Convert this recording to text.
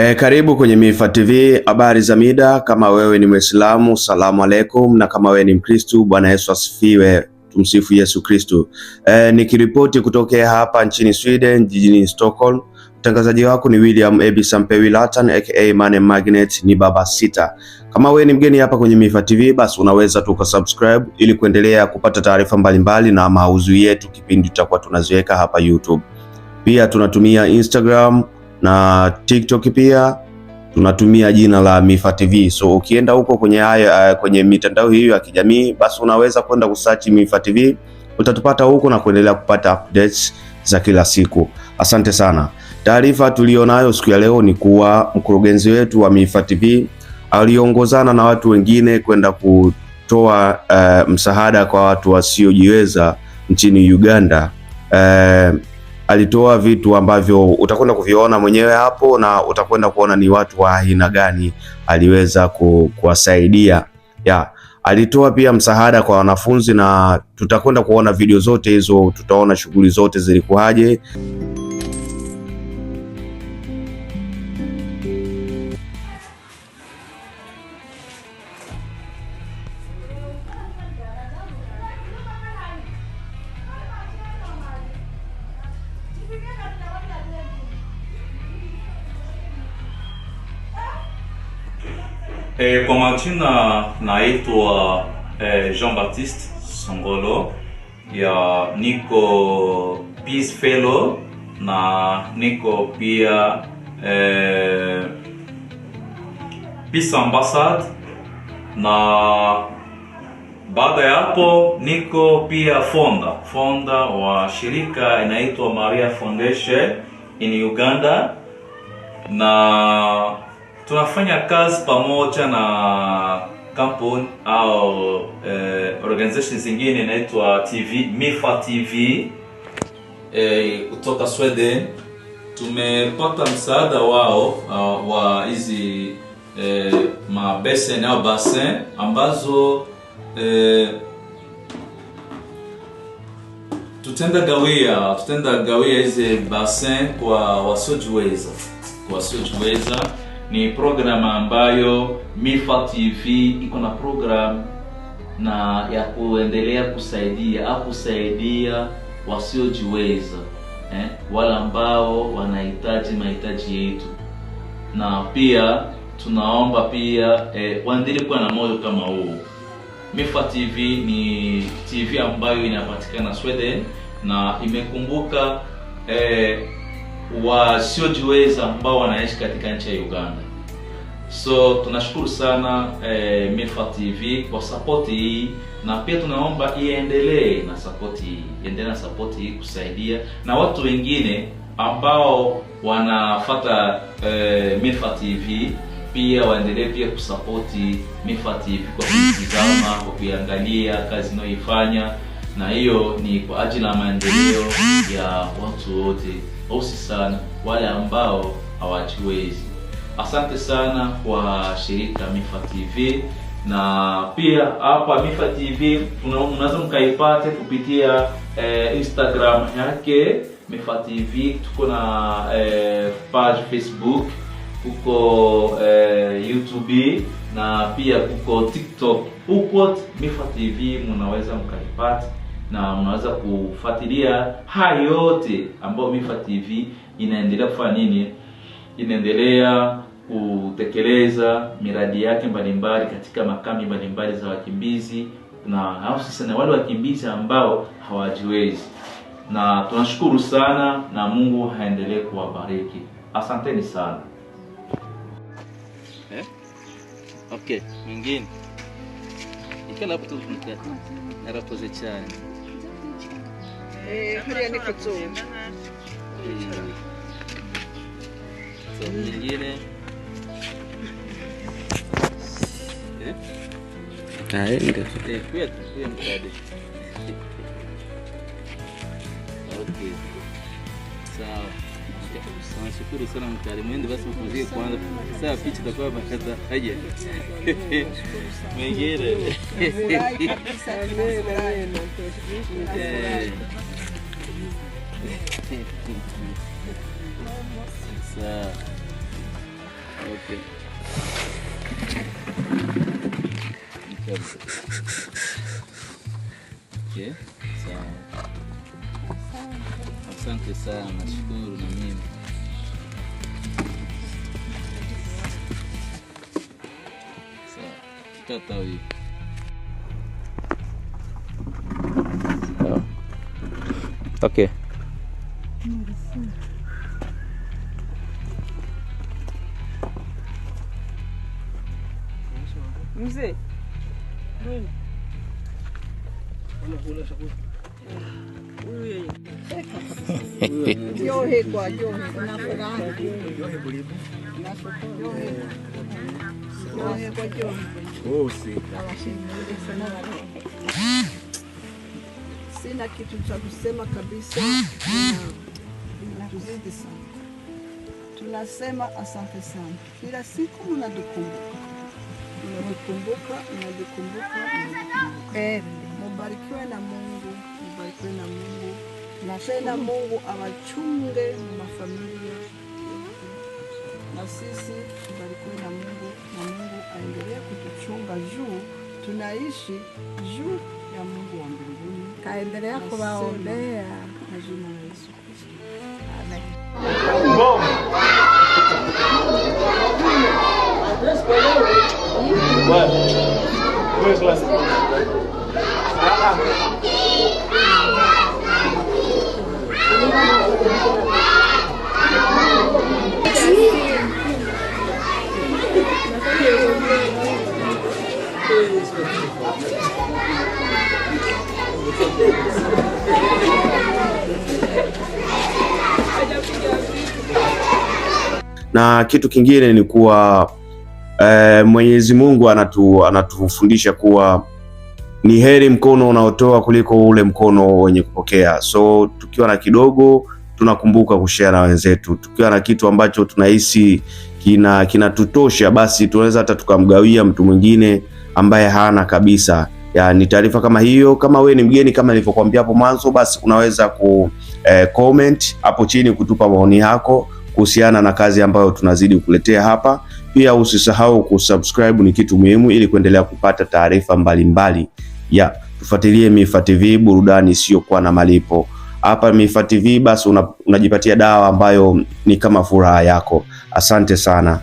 E, karibu kwenye Mifa TV, habari za mida. Kama wewe ni Muislamu, salamu alaikum, na kama wewe ni Mkristu, Bwana Yesu asifiwe. Tumsifu Yesu Kristu. E, nikiripoti kutokea hapa nchini Sweden jijini Stockholm, mtangazaji wako ni William AB Sampewi Latan aka Mane Magnet, ni baba sita. Kama wewe ni mgeni hapa kwenye Mifa TV, basi unaweza tu ukasubscribe ili kuendelea kupata taarifa mbalimbali na maudhui yetu kipindi tutakuwa tunaziweka hapa YouTube. Pia tunatumia Instagram na TikTok pia tunatumia jina la Mifa TV. So ukienda huko kwenye haya, eh, kwenye mitandao hiyo ya kijamii, basi unaweza kwenda kusearch Mifa TV, utatupata huko na kuendelea kupata updates za kila siku. Asante sana. Taarifa tuliyonayo siku ya leo ni kuwa mkurugenzi wetu wa Mifa TV aliongozana na watu wengine kwenda kutoa uh, msaada kwa watu wasiojiweza nchini Uganda uh, alitoa vitu ambavyo utakwenda kuviona mwenyewe hapo na utakwenda kuona ni watu wa aina gani aliweza ku, kuwasaidia ya Alitoa pia msaada kwa wanafunzi na tutakwenda kuona video zote hizo, tutaona shughuli zote zilikuwaje. E, kwa majina naitwa e, eh, Jean Baptiste Songolo ya niko Peace Fellow na niko pia e, Peace Ambassad na baada ya hapo niko pia fonda fonda wa shirika inaitwa Maria Foundation in Uganda na tunafanya kazi pamoja na kampuni au eh, organization zingine inaitwa TV Mifa TV eh, kutoka Sweden. Tumepata msaada wao uh, wa hizi eh, mabesen au basin ambazo eh, tutenda gawia tutenda gawia hizi basin kwa wasiojiweza wasiojiweza ni programu ambayo Mifa TV iko na programu na ya kuendelea kusaidia au kusaidia wasiojiweza eh, wale ambao wanahitaji mahitaji yetu, na pia tunaomba pia eh, waendelee kuwa na moyo kama huu. Mifa TV ni TV ambayo inapatikana Sweden na imekumbuka eh, wasiojiweza ambao wanaishi katika nchi ya Uganda. So tunashukuru sana eh, Mifa TV kwa sapoti hii, na pia tunaomba iendelee na sapoti hii, iendelee na sapoti hii kusaidia na watu wengine ambao wanafata eh, Mifa TV pia waendelee pia kusapoti Mifa TV kwa kuitizama, kwa kuiangalia kazi inayoifanya na hiyo ni kwa ajili ya maendeleo ya watu wote, husi sana wale ambao hawajiwezi. Asante sana kwa shirika Mifa TV na pia hapa Mifa TV unaweza mkaipate kupitia eh, Instagram yake Mifa TV. Tuko na eh, page Facebook, kuko eh, YouTube na pia kuko TikTok. Huko Mifa TV munaweza mkaipata na unaweza kufuatilia haya yote ambayo Mifa TV inaendelea kufanya nini, inaendelea kutekeleza miradi yake mbalimbali katika makambi mbalimbali za wakimbizi na hususan wale wakimbizi ambao hawajiwezi, na tunashukuru sana na Mungu aendelee kuwabariki. Asanteni sana eh? Okay, mwingine ikalapo rapoze chai 예, 네, 허리 안에 그쪽. Aende sawa. Nashukuru sana mkali, mwende basi mpumzike kwanza. Saa picha itakuwa bakata haja mengine so, okay. Okay, sawa. Asante sana, nashukuru na mimi. Sawa, Okay. Neresi? Mzee. Buyurun. Johe kwa Sina kitu cha kusema kabisa mwezi sana, tunasema asante sana. Kila siku mnadukumbuka, mnadukumbuka, mnadukumbuka, mnadukumbuka. Eh, mubarikiwe na Mungu, mubarikiwe na Mungu na tena Mungu awachunge mafamilia na sisi tubarikiwe na Mungu na Mungu aendelee kutuchunga juu tunaishi juu ya Mungu wa mbinguni, kaendelea kuwaombea na jina la Yesu. na kitu kingine ni kuwa eh, Mwenyezi Mungu anatu, anatufundisha kuwa ni heri mkono unaotoa kuliko ule mkono wenye kupokea. So tukiwa na kidogo tunakumbuka kushare na wenzetu, tukiwa na kitu ambacho tunahisi kina kinatutosha, basi tunaweza hata tukamgawia mtu mwingine ambaye hana kabisa. Yani, taarifa kama hiyo, kama we ni mgeni, kama nilivyokuambia hapo mwanzo, basi unaweza ku eh, comment hapo chini kutupa maoni yako kuhusiana na kazi ambayo tunazidi kukuletea hapa. Pia usisahau kusubscribe, ni kitu muhimu ili kuendelea kupata taarifa mbalimbali. Ya tufuatilie Mifa TV, burudani isiyokuwa na malipo. Hapa Mifa TV basi una, unajipatia dawa ambayo ni kama furaha yako. Asante sana.